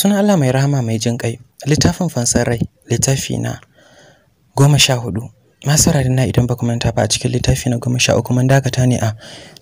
sunan Allah mai rahama mai jin ƙai littafin fansar rai littafi na goma sha hudu na idan ba manta ba a cikin littafi na goma sha uku man dakata ne a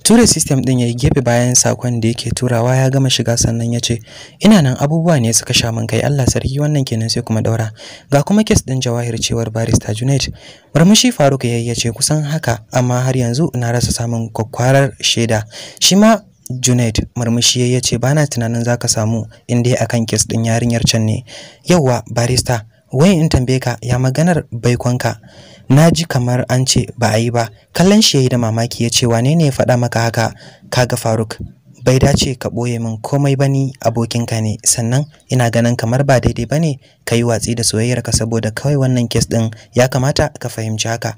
ture system din yayi gefe bayan sakon da yake turawa ya gama shiga sannan ya ce ina nan abubuwa ne suka sha min kai Allah sarki wannan kenan sai kuma daura ga kuma kes din jawahir cewar barista Junaid murmushi Faruk yayi ya ce kusan haka amma har yanzu na rasa samun kwakwarar shaida Shima. Junaid murmushi ya ce bana tunanin zaka samu in dai akan kes din yarinyar can ne. Yawwa barista, wai in tambaye ka ya maganar baikonka. Na ji kamar an ce ba a yi ba. Kallon shi yayi da mamaki ya ce wane ne ya faɗa maka haka? Kaga Faruk. Bai dace ka ɓoye min komai bani abokinka ne sannan ina ganin kamar ba daidai bane ne ka yi watsi da soyayyarka saboda kawai wannan kes ɗin ya kamata ka fahimci haka.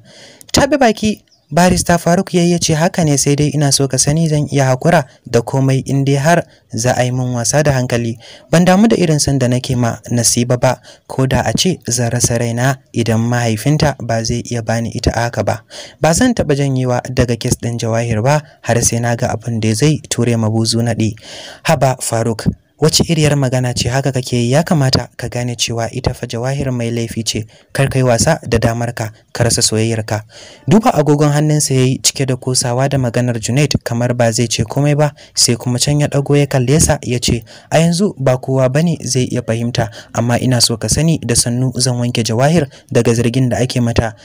tabe baki barista faruk ya ce haka ne sai dai ina so ka sani zan iya hakura da komai in dai har za a yi min wasa da hankali ban damu da irin sanda nake ma nasiba ba ko da a ce zan rasa raina idan mahaifinta ba zai iya bani ita haka ba ba zan taɓa janyewa daga kes ɗin jawahir ba har sai na ga abin da zai ture mabuzu naɗi haba faruk wace iriyar magana ce haka kake yi ya kamata ka gane cewa ita fa jawahir mai laifi ce kar kai wasa da damar ka ka rasa soyayyarka duba agogon hannunsa yayi cike da kosawa da maganar Junaid kamar ba zai ce komai ba sai kuma can ya dago ya kalle sa ya ce a yanzu ba kowa bane zai iya fahimta amma ina so ka sani da sannu zan wanke jawahir daga zargin da ake mata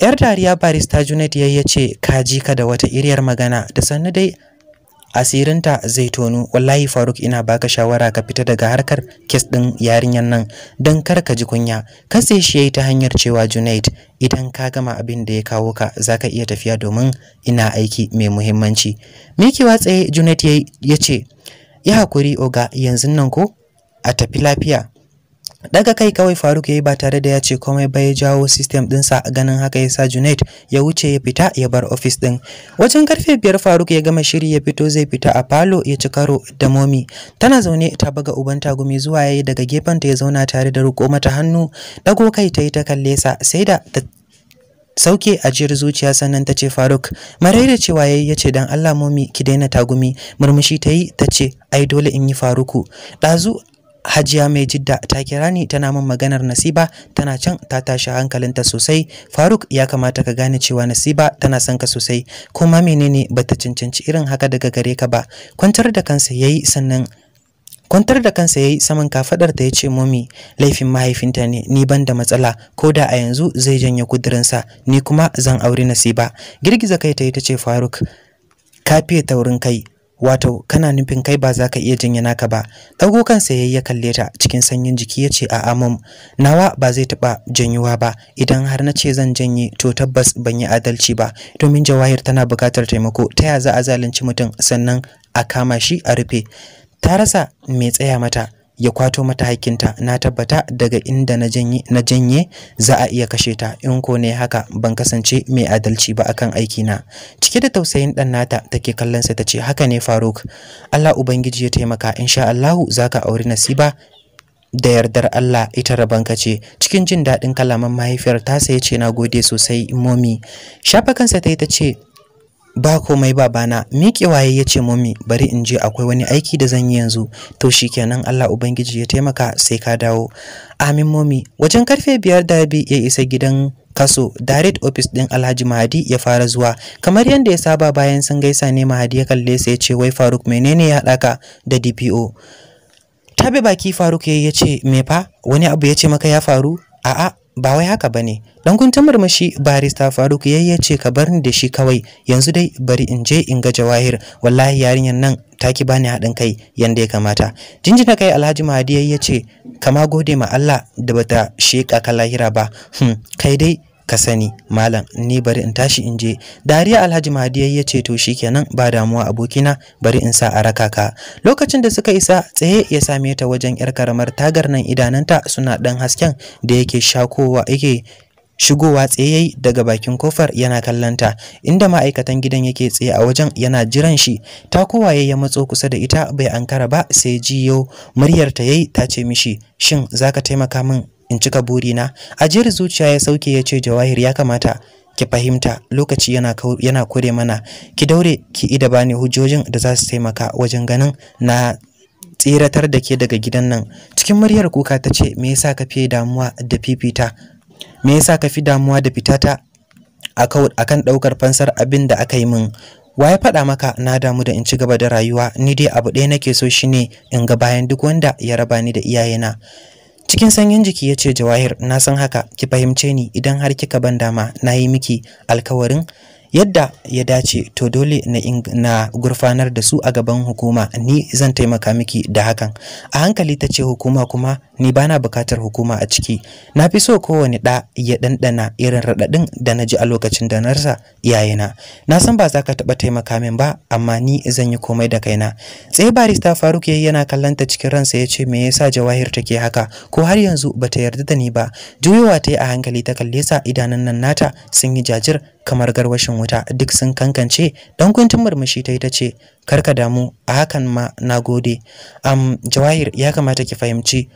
yar dariya barista Junaid yayi ya ce ka ji ka da wata iriyar magana da sannu dai asirinta zai tono wallahi faruk ina baka shawara ka fita daga harkar kes din yarinyar nan don kar ka ji kunya kase shi yayi ta hanyar cewa junaid idan ka gama abin da ya kawo ka zaka iya tafiya domin ina aiki mai muhimmanci mikewa tsaye junaid ya ce ya hakuri oga yanzu nan ko a tafi lafiya daga kai kawai faruk ya yi ba tare da ya ce komai ba ya jawo system dinsa ganin haka ya sa junaid ya wuce ya fita ya bar ofis din wajen karfe biyar faruk ya gama shiri ya fito zai fita a falo ya ci karo da momi tana zaune ta baga uban tagumi zuwa yayi daga gefen ta ya zauna tare da riko mata hannu dago kai ta yi ta kalle sa sai da sauke ajiyar zuciya sannan ta ce faruk da cewa yayi yace ce don allah momi ki daina tagumi murmushi ta yi ta ce ai dole in yi faruku ɗazu Hajiya mai jidda ta kira ni tana min maganar Nasiba tana can ta tashi hankalinta sosai Faruk ya kamata ka gane cewa Nasiba tana son ka sosai kuma menene bata cancanci irin haka daga gare ka ba kwantar da kansa yayi sannan kwantar da kansa yayi saman kafadar ta yace mami laifin mahaifinta ne ni ban da matsala da a yanzu zai janye kudurinsa ni kuma zan aure Nasiba girgiza kai ta yi tace Faruk ka fiye taurin kai wato kana nufin kai ba za ka iya jinya naka ba ɗago kansa sayayya ya kalle ta cikin sanyin jiki ya ce a nawa ba zai taɓa janyuwa ba idan har na ce zan janye to tabbas ban yi adalci ba domin jawahir tana buƙatar taimako ta ya za a zalunci mutum sannan a kama shi a rufe ta rasa mai tsaya mata ya kwato mata hakinta na tabbata daga inda na janye na janye za a iya kashe ta in ko ne haka ban kasance mai adalci ba akan aiki na cike da tausayin dan nata take kallon sa tace haka ne Faruk Allah ubangiji ya taimaka insha Allah zaka auri Nasiba da yardar Allah ita rabanka ce cikin jin daɗin kalaman mahaifiyar ta sai ce na gode sosai momi shafa kansa ta tace ta ba komai babana waye ya ce mummi bari in je akwai wani aiki da zan yi yanzu to shi shikenan Allah ubangiji ya taimaka sai ka dawo amin mummi wajen karfe biyar da bi ya isa gidan kaso direct office din Alhaji Mahadi ya fara zuwa kamar yadda ya saba bayan sun gaisa ne Mahadi ya kalle sai ya ce wai Faruk menene ya ka da DPO tabe baki Faruk ya ce me fa wani abu ya ce maka ya faru a'a ba wai haka bane dan guntun murmushi barista Faruk yayye ce ka bar ni da shi kawai yanzu dai bari in je in ga Jawahir wallahi yarinyar nan ta taki bani haɗin kai yanda ya kamata jinjina kai Alhaji Mahdi yayye ce kama gode ma Allah da bata sheka ka lahira ba hmm. kai dai ka sani malam ni bari in tashi in je dariya alhaji mahadi ya ce to shikenan ba damuwa abokina bari in sa a raka ka lokacin da suka isa tsaye ya same ta wajen yar karamar tagar nan idananta suna dan hasken da yake shakowa yake shigowa tsayayi daga bakin kofar yana kallanta inda ma'aikatan gidan yake tsaye a wajen yana jiran shi ta kowaye ya matso kusa da ita bai ankara ba sai jiyo muryar ta yayi ta ce mishi shin zaka taimaka min in cika burina ajiyar zuciya ya sauke ya ce jawahir ya kamata ki fahimta lokaci yana yana kure mana ki daure ki ida bani hujjojin da za su taimaka wajen ganin na tsiratar da ke daga gidan nan cikin muryar kuka ta ce me yasa ka fi damuwa da fifita me yasa ka fi damuwa da fitata akan ɗaukar fansar abin da aka yi min Waye faɗa maka na damu da in ci gaba da rayuwa ni dai abu ɗaya nake so shine in ga bayan duk wanda ya raba ni da iyayena Cikin sanyin jiki ya ce Jawahir, na san haka, ki fahimce ni idan har kika ban dama na yi miki alkawarin yadda ya dace to dole na, na gurfanar da su a gaban hukuma ni zan taimaka miki da hakan a hankali ta ce hukuma kuma ni bana bukatar hukuma a ciki na fi so kowane ɗa ya ɗanɗana irin raɗaɗin da na ji a lokacin da na rasa iyayena na san ba za ka taɓa taimaka min ba amma ni zan yi komai da kaina tsaye barista faruk yayi yana kallon ta cikin ransa ya ce me yasa jawahir take haka ko har yanzu bata yarda da ni ba juyowa ta yi a hankali ta kalle sa idanun nan nata sun yi jajir kamar garwashin wuta duk sun kankance dan kuntun murmushi ta yi ta ce karka damu a hakan ma na gode am jawahir ya kamata ki fahimci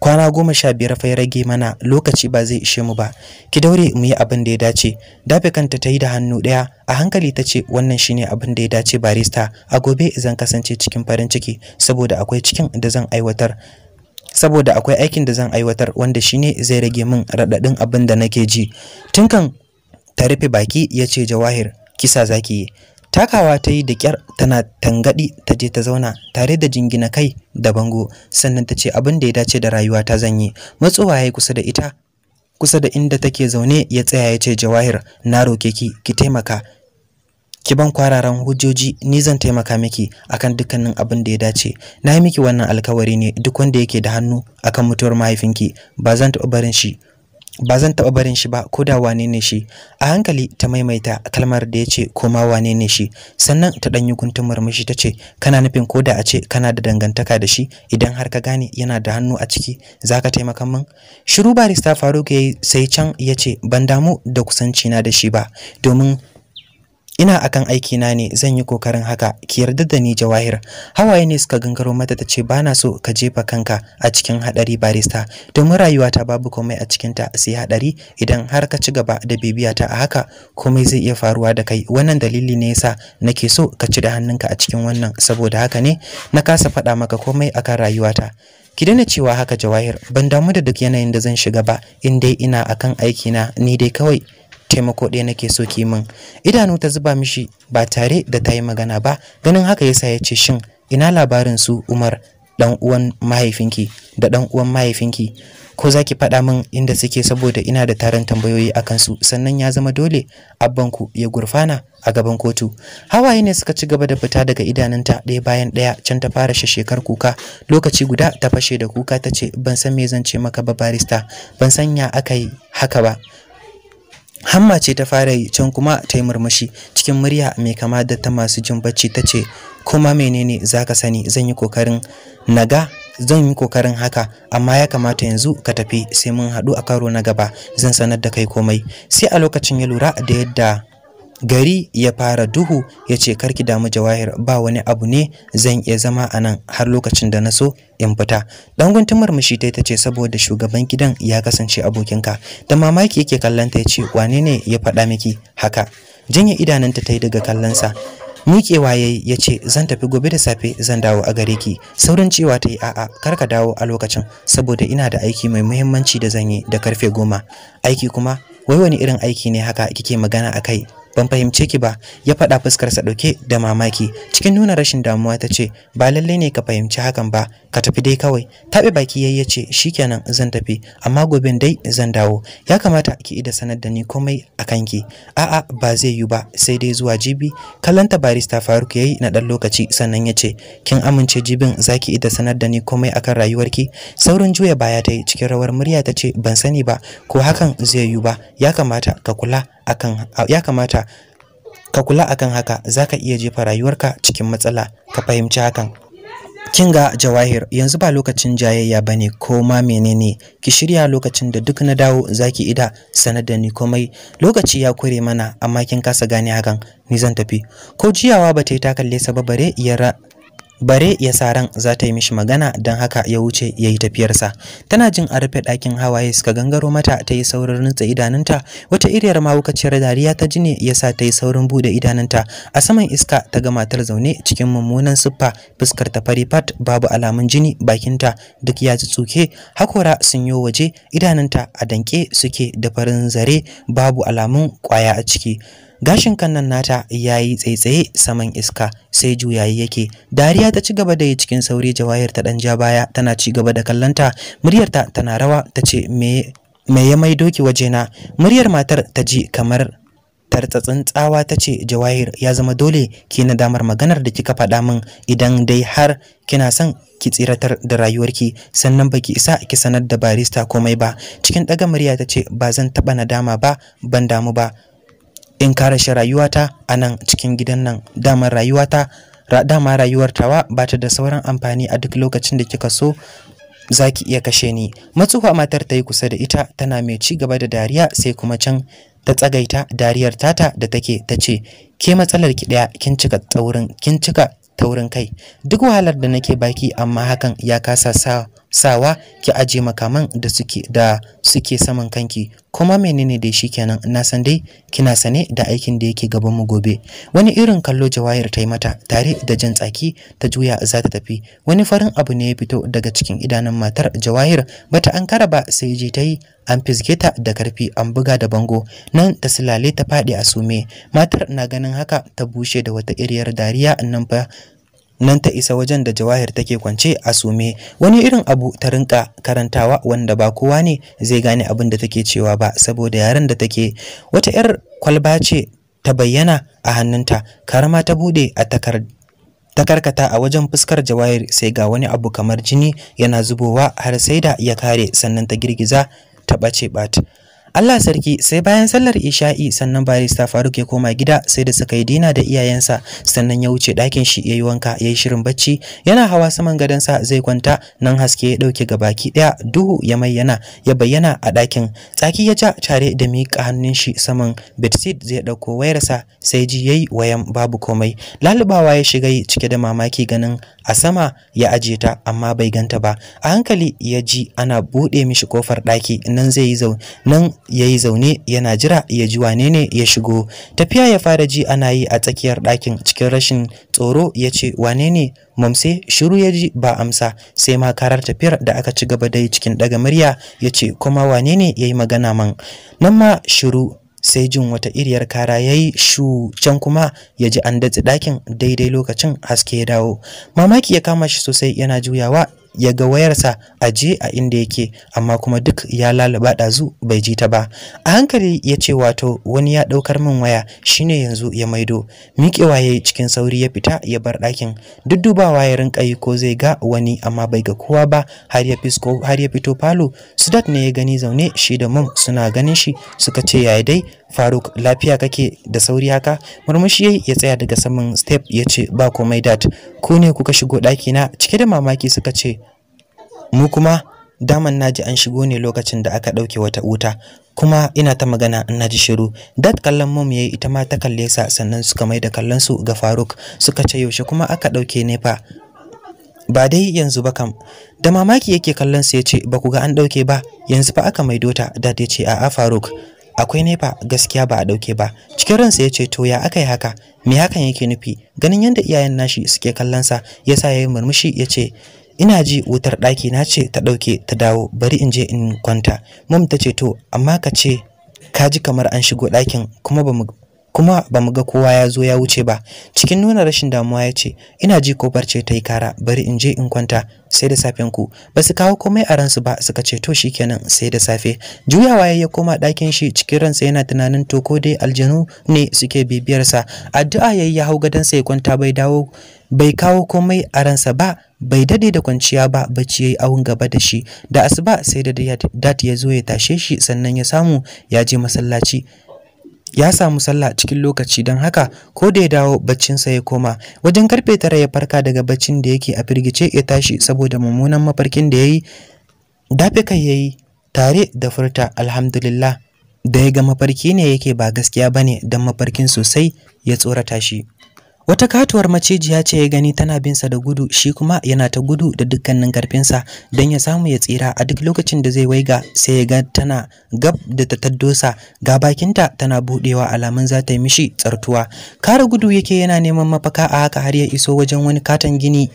kwana goma sha biyar fa ya rage mana lokaci ba zai ishe mu ba ki daure mu yi abin da ya dace dafe kanta ta yi da hannu ɗaya a hankali ta ce wannan shine abin da ya dace barista a gobe zan kasance cikin farin ciki saboda akwai cikin da zan aiwatar saboda akwai aikin da zan aiwatar wanda shine zai rage min raɗaɗin abin da nake ji tunkan ta rufe baki ya ce jawahir kisa zaki yi takawa ta yi da kyar tana tangaɗi ta je ta zauna tare da jingina kai da bango sannan ta ce abin da ya dace da rayuwa ta zan yi matsowa ya kusa da ita kusa da inda take zaune ya tsaya ya ce jawahir na roke ki ki taimaka ki ban kwararan hujjoji ni zan taimaka miki akan dukkanin abin da ya dace na yi miki wannan alkawari ne duk wanda yake da hannu akan mutuwar mahaifinki ba zan taɓa barin shi ba zan taɓa barin shi ba ko da wane ne shi a hankali ta maimaita kalmar da ya ce ma wane ne shi sannan ta ɗan yi kuntun murmushi ta ce kana nufin ko da a ce kana da dangantaka da shi idan har ka gane yana da hannu a ciki za ka taimaka min shiru barista faruk ya sai can ya ce ban damu da kusanci na da shi ba domin ina akan aikina ne zan yi kokarin haka ki yarda da ni jawahir hawaye ne suka gangaro mata ta ce ba na so ka jefa kanka a cikin haɗari barista domin rayuwata babu komai a cikinta sai haɗari. idan har ka ci gaba da bibiyata a haka komai zai iya faruwa da kai wannan dalili ne yasa nake so ka ci da hannunka a cikin wannan saboda haka ne na kasa faɗa maka komai akan rayuwata ki daina cewa haka jawahir ban damu da duk yanayin da zan shiga ba in dai ina akan aikina ni dai kawai taimako ɗaya nake so ki min idanu ta zuba mishi ba tare da ta yi magana ba ganin haka yasa ya ce shin ina labarin su Umar dan uwan mahaifinki da dan uwan mahaifinki ko za ki faɗa min inda suke saboda ina da taron tambayoyi a kansu sannan ya zama dole abbanku ya gurfana a gaban kotu hawaye ne suka ci gaba da fita daga idanunta ɗaya bayan ɗaya can ta fara shashekar kuka lokaci guda ta fashe da kuka ta ce ban san me zan ce maka ba barista ban san ya aka yi haka ba hamma ce ta fara yi can kuma ta yi murmushi cikin murya mai kama da ta masu jin bacci ta ce kuma menene za ka sani zan yi kokarin naga zan yi kokarin haka amma ya kamata yanzu ka tafi sai mun haɗu a karo na gaba zan sanar da kai komai sai a lokacin ya lura da yadda gari ya fara duhu ya ce karki damu jawahir ba wani abu ne zan iya zama a nan har lokacin da na so in fita dan guntun shi ta ce saboda shugaban gidan ya kasance abokinka da mamaki yake kallanta ya ce wane ne ya faɗa miki haka ya idananta ta yi daga kallonsa miƙewa ya yi ya ce zan tafi gobe da safe zan dawo a gare ki saurin cewa ta yi a'a kar ka dawo a lokacin saboda ina da aiki mai muhimmanci da zan yi da karfe goma aiki kuma wai wani irin aiki ne haka kike magana a kai ban fahimce ki ba ya faɗa fuskarsa ɗauke da mamaki cikin nuna rashin damuwa ta ce ba lallai ne ka fahimci hakan ba ka tafi dai kawai taɓe baki yayi ce shikenan zan tafi amma goben dai zan dawo ya kamata ki ida sanar da ni komai a kanki a'a ba zai yi ba sai dai zuwa jibi kallanta barista Faruk yayi na ɗan lokaci sannan ya ce kin amince jibin zaki ida sanar da ni komai akan rayuwarki saurin juya baya ta yi cikin rawar murya ta ce ban sani ba ko hakan zai yi ba ya kamata ka kula akan ya kamata ka kula akan haka zaka iya jefa rayuwarka cikin matsala ka fahimci hakan kinga jawahir yanzu ba lokacin jayayya bane ko ma menene ki shirya lokacin da duk na dawo zaki ida sanar da ni komai lokaci ya kure mana amma kin kasa gane hakan ni zan tafi ko jiyawa ba ta yi ta kalle ba bare bare ya sa ran za ta yi mishi magana don haka ya wuce ya yi tafiyarsa tana jin a rufe ɗakin hawaye suka gangaro mata ta yi saurin nutsa idanunta wata iriyar mahaukaciyar dariya ta ji ne ya sa ta yi saurin buɗe idanunta a saman iska ta ga matar zaune cikin mummunan siffa fuskar ta fari fat babu alamun jini bakinta duk ya ji tsuke hakora sun yi waje idanunta a danƙe suke da farin zare babu alamun ƙwaya a ciki gashin kannan nata yayi tsaitsaye saman iska sai juyayi yake dariya ta cigaba da yi cikin sauri jawahir ta dan ja baya tana cigaba da kallanta muryarta tana rawa tace me me ya maido ki wajena muryar matar ta ji kamar tartatsin tsawa ta ce jawahir ya zama dole ki damar maganar da kika faɗa min idan dai har kina son ki tsiratar da rayuwarki sannan baki isa ki sanar da barista komai ba cikin ɗaga murya ta ce ba zan taɓa nadama ba ban damu ba in ka rashe rayuwata a nan cikin gidan nan damar rayuwata dama rayuwar tawa ba ta da sauran amfani a duk lokacin da kika so za ki iya kashe ni matsuwa matar ta yi kusa da ita tana mai ci gaba da dariya sai kuma can ta tsagaita dariyar tata da take ta ce ke matsalar ki daya kin cika taurin kin cika taurin kai duk wahalar da nake baki amma hakan ya kasa sa sawa ki aje makaman da suke da suke saman kanki kuma menene dai shikenan na san dai kina sane da aikin da yake gaban mu gobe wani irin kallo jawahir ta yi mata tare da jan tsaki ta juya za ta tafi wani farin abu ne ya fito daga cikin idanun matar jawahir bata an ankara ba sai je ta yi an fizge ta da karfi an buga da bango nan ta silale ta faɗi a sume matar na ganin haka ta bushe da wata iriyar dariya nan fa nan ta isa wajen da jawahir take kwance a sume wani irin abu ta rinka karantawa wanda ba kowa ne zai gane abin da take cewa ba saboda yaren da take wata 'yar kwalba ce ta bayyana a hannunta karama ta bude a takar ta karkata a wajen fuskar jawahir sai ga wani abu kamar jini yana zubowa har sai da ya kare sannan ta girgiza ta ɓace bat Allah sarki sai bayan sallar isha'i sannan barista Faruk ya koma gida sai da suka yi dina da iyayensa sannan ya wuce ɗakin shi yayi wanka yayi shirin bacci yana hawa saman sa, zai kwanta nan haske ya dauke gabaki Ɗaya duhu ya mayyana ya bayyana a ɗakin tsaki ya ja tare da miƙa hannun shi saman bedsheet zai dauko wayarsa sai ji yayi wayan babu komai lalubawa ya shiga cike da mamaki ganin a sama ya aje ta amma bai ganta ba a hankali ya ji ana buɗe mishi kofar ɗaki nan zai yi zau nan ya yi zaune yana jira ya ji wane ne ya shigo tafiya ya fara ji ana yi a tsakiyar ɗakin cikin rashin tsoro ya ce wane ne mamse shiru ya ji ba amsa sai ma karar tafiyar da aka ci gaba da dai cikin ɗaga murya ya ce kuma wane ne ya yi magana man nan ma shiru sai jin wata iriyar kara ya yi shu can kuma ya ji an datse ɗakin daidai lokacin haske ya dawo mamaki ya kama shi sosai yana juyawa ya ga wayarsa a je a inda yake amma kuma duk ya lalaba ɗazu bai ji ta ba a hankali ya ce wato wani ya ɗaukar min waya shine yanzu ya maido miƙewa ya cikin sauri ya fita ya bar ɗakin duddubawa ya rinka yi ko zai ga wani amma bai ga kowa ba har ya fisko har ya fito falo sudat ne ya gani zaune shi da mum suna ganin shi suka ce yaya dai Faruk lafiya kake da sauri haka murmushi ya tsaya daga saman step ya ce ba komai dad ku ne kuka shigo ɗaki na cike da mamaki suka ce mu kuma daman naji an shigo ne lokacin da aka ɗauke wata wuta kuma ina ta magana in naji shiru dad kallon mom yayi ita ma ta kalle sa sannan suka mai da kallon su ga Faruk suka ce yaushe kuma aka ɗauke ne fa ba dai yanzu ba kam da mamaki yake kallon sa ce ba ku ga an ɗauke ba yanzu fa aka maido ta dad yace a a Faruk akwai ne ba, gaskiya ba a ɗauke ba cikin ransa ya ce to ya aka yi haka me hakan yake nufi ganin yadda iyayen nashi suke kallonsa ya sa ya yi murmushi ya ce ina ji wutar ɗaki na ce ta ɗauke ta dawo bari in je in kwanta mum ta ce to amma ka ce ka ji kamar an shigo ɗakin kuma kuma ba mu ga kowa ya zo ya wuce ba cikin nuna rashin damuwa ya ce ina ji ko barce ta yi kara bari in je in kwanta sai da safen ku ba su kawo komai a ransu ba suka ce to kenan, sai da safe juyawa ya koma ɗakin shi cikin ransa yana tunanin to ko dai aljanu ne suke bibiyarsa addu'a yayi ya hau gadonsa ya kwanta bai dawo bai kawo komai a ransa ba bai dade da kwanciya ba bacci yayi awun gaba da shi da asuba sai da dat ya zo ya tashe shi sannan ya samu ya je masallaci ya samu sallah cikin lokaci don haka ko da ya dawo baccinsa ya koma wajen karfe tara ya farka daga baccin da yake a firgice ya tashi saboda mummunan mafarkin da ya yi dafe kai ya yi tare da furta alhamdulillah da ya ga mafarki ne yake ba gaskiya ba ne don mafarkin sosai ya tsorata shi Wata katuwar macijiya ce ya gani tana binsa da gudu shi kuma yana ta gudu da dukkanin karfinsa don ya samu ya tsira a duk lokacin da zai waiga sai ya ga tana gab da ta taddosa ga bakinta tana budewa alamun za ta yi mishi tsartuwa. Kara gudu yake yana neman mafaka a haka har ya iso wajen wani katon gini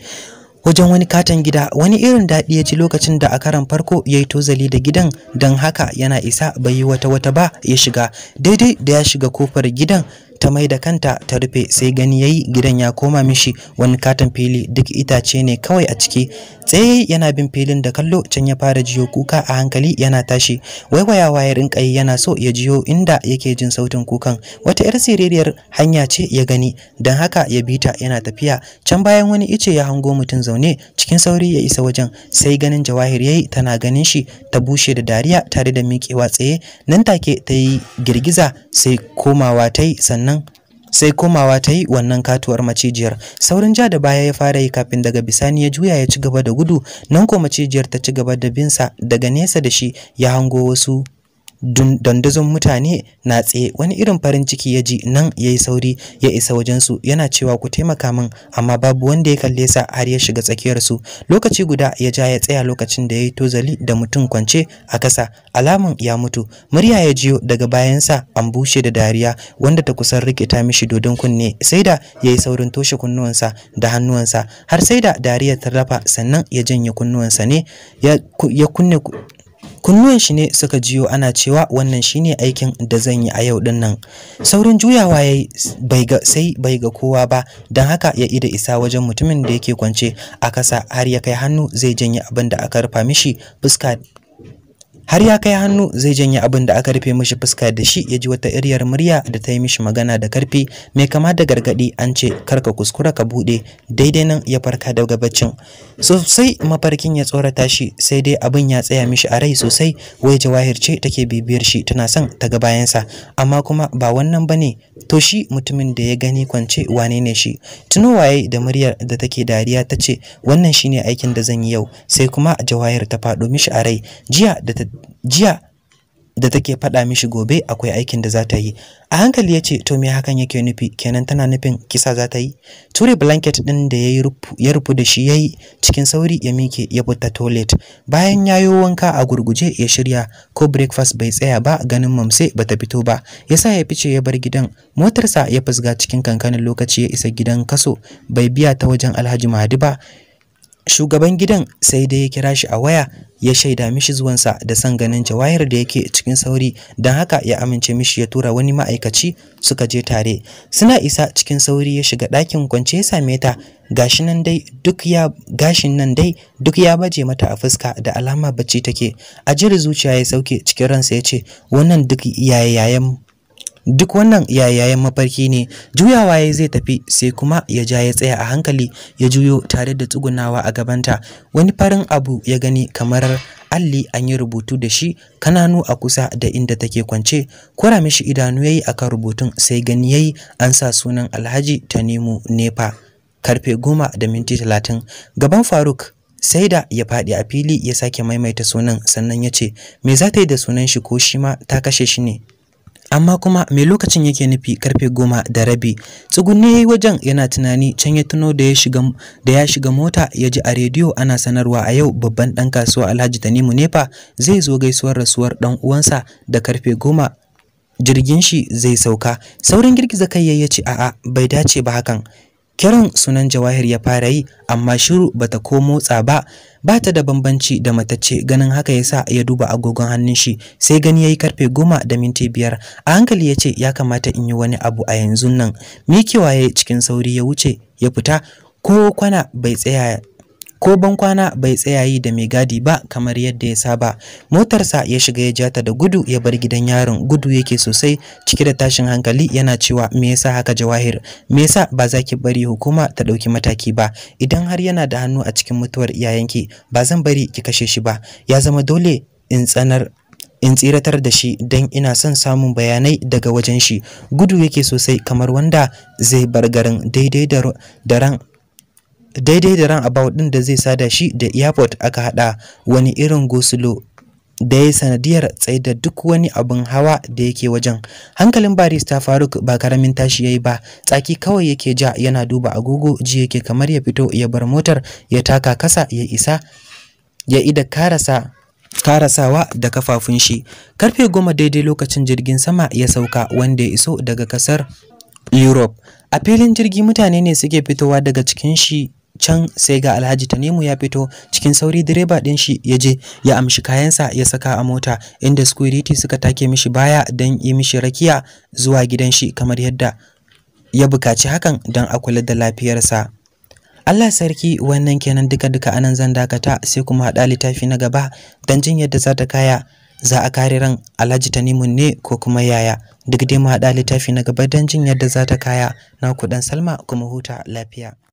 wajen wani katon gida wani irin daɗi ya ci lokacin da a karan farko ya yi tozali da gidan don haka yana isa bai yi wata wata ba ya shiga daidai da ya shiga kofar gidan ta mai da kanta ta rufe sai gani yayi gidan ya koma mishi wani katon fili duk itace ne kawai a ciki tsaye yana bin filin da kallo can ya fara jiyo kuka a hankali yana tashi waiwayawa ya rinka yi yana so ya jiyo inda yake jin sautin kukan wata yar siririyar hanya ce ya gani don haka ya bi ta yana tafiya can bayan wani ice ya hango mutum zaune cikin sauri ya isa wajen sai ganin jawahir yayi tana ganin shi ta bushe da dariya tare da miƙewa tsaye nan take ta yi girgiza sai komawa ta yi sannan nan sai komawa ta yi wannan katuwar macijiyar saurin ja da baya ya fara yi kafin daga bisani ya juya ya ci gaba da gudu nan ko macijiyar ta ci gaba da binsa daga nesa da shi ya hango wasu dandazon mutane na tsaye wani irin farin ciki ya ji nan ya yi sauri ya isa wajensu yana cewa ku taimaka min amma babu wanda ya kalle sa har ya shiga tsakiyarsu lokaci guda ya ja ya tsaya lokacin da ya yi tozali da mutum kwance a kasa alamun ya mutu murya ya jiyo daga bayansa an bushe da dariya wanda ta kusan rikita mishi dodon kunne sai da ya yi saurin toshe kunnuwansa da hannuwansa har sai da dariya ta rafa sannan ya janye kunnuwansa ne ya kunne kunnuwan shi ne suka jiyo ana cewa wannan shine aikin da zan yi a yau din nan saurin juyawa yayi bai ga sai bai ga kowa ba dan haka ya ida isa wajen mutumin da yake kwance a kasa har ya kai hannu zai janye abin da aka rufa mishi fuska har ya kai hannu zai janye abin da aka rufe mishi fuska da shi ya ji wata iriyar murya da ta yi mishi magana da karfi mai kama da gargadi an ce karka kuskura ka bude daidai nan ya farka daga baccin sosai mafarkin ya tsorata shi sai dai abin ya tsaya mishi a rai sosai wai jawahir ce take bibiyar shi tana son ta ga bayansa amma kuma ba wannan bane to shi mutumin da ya gani kwance wane ne shi tuno waye da muryar da take dariya ta ce wannan shine aikin da zan yi yau sai kuma jawahir ta faɗo mishi a rai jiya da ta jiya da take faɗa mishi gobe akwai aikin da za ta yi a hankali ya ce to me hakan yake nufi kenan tana nufin kisa za ta yi ture blanket ɗin da ya rufu da shi ya yi cikin sauri ya mike ya fita toilet bayan ya yi wanka a gurguje ya shirya ko breakfast bai tsaya ba ganin mamse ba ta fito ba ya sa ya fice ya bar gidan motarsa ya fusga cikin kankanin lokaci ya isa gidan kaso bai biya ta wajen alhaji mahadi ba shugaban gidan sai dai ya kira shi a waya ya shaida mishi zuwansa da san ganin jawahir da yake cikin sauri don haka ya amince mishi ya tura wani ma'aikaci suka je tare suna isa cikin sauri ya shiga ɗakin kwance ya same ta gashin nan dai duk ya gashin nan dai duk ya baje mata a fuska da alama bacci take ajiyar zuciya ya sauke cikin ransa ya ce wannan duk yayan duk wannan yayayen mafarki ne juyawa ya zai tafi sai kuma ya ja ya tsaya a hankali ya juyo tare da tsugunawa a gabanta wani farin abu ya gani kamar alli an yi rubutu da shi kananu a kusa da inda take kwance kura mishi idanu ya yayi akan rubutun sai gani ya yi an sa sunan Alhaji Tanimu Nepa karfe goma da minti talatin gaban Faruk sai da ya faɗi a fili ya sake maimaita sunan sannan ya ce me za ta yi da sunan shi ko shi ma ta kashe shi ne amma kuma me lokacin yake nufi karfe goma da rabi tsugunne ya yi wajen yana tunani can ya tuno da ya shiga mota ya ji a rediyo ana sanarwa a yau babban ɗan kasuwa alhaji tanimu Nepa zai zo gaisuwar rasuwar ɗan uwansa da karfe goma jirgin shi zai sauka saurin girgiza kai ya ce a'a bai dace ba hakan kiran sunan jawahir ya fara yi amma shiru bata ko motsa ba bata da bambanci da matace, ganin haka yasa ya duba agogon hannun shi sai gani yayi karfe goma da minti biyar a hankali ya ce ya kamata in yi wani abu a yanzu nan mikewa ya cikin sauri ya wuce ya fita ko kwana bai tsaya ko ban kwana bai tsaya yi da mai gadi ba kamar yadda ya saba motarsa ya shiga ya jata da gudu ya bar gidan yaron gudu yake sosai cike da tashin hankali yana cewa me yasa haka jawahir me yasa ba za ki bari hukuma ta ɗauki mataki ba idan har yana da hannu a cikin mutuwar iyayenki ba zan bari ki kashe shi ba ya zama dole in tsanar in tsiratar da shi don ina son samun bayanai daga wajen shi gudu yake sosai kamar wanda zai bar garin daidai da ran daidai da ran about din da zai sada shi da airport aka hada wani irin gosulo da ya sanadiyar tsaye da duk wani abin hawa da yake wajen hankalin barista faruk ba karamin tashi yayi ba tsaki kawai yake ja yana duba agogo ji yake kamar ya fito ya bar motar ya taka kasa ya isa ya ida karasa karasawa da kafafun shi karfe goma daidai lokacin jirgin sama ya sauka wanda ya iso daga kasar europe a filin jirgi mutane ne suke fitowa daga cikin shi can sai ga Alhaji Tanimu ya fito cikin sauri direba din shi ya je ya amshi kayansa ya saka a mota inda security suka take mishi baya dan yi mishi rakiya zuwa gidan shi kamar yadda ya bukaci hakan dan a kula da lafiyarsa. Allah sarki wannan kenan duka-duka anan zan dakata sai kuma hada litafi na gaba don jin yadda za ta kaya za a kare ran Alhaji Tanimu ne ko kuma yaya duk dai mu haɗa littafi na gaba dan jin yadda za ta kaya na kuɗan Salma kuma huta lafiya.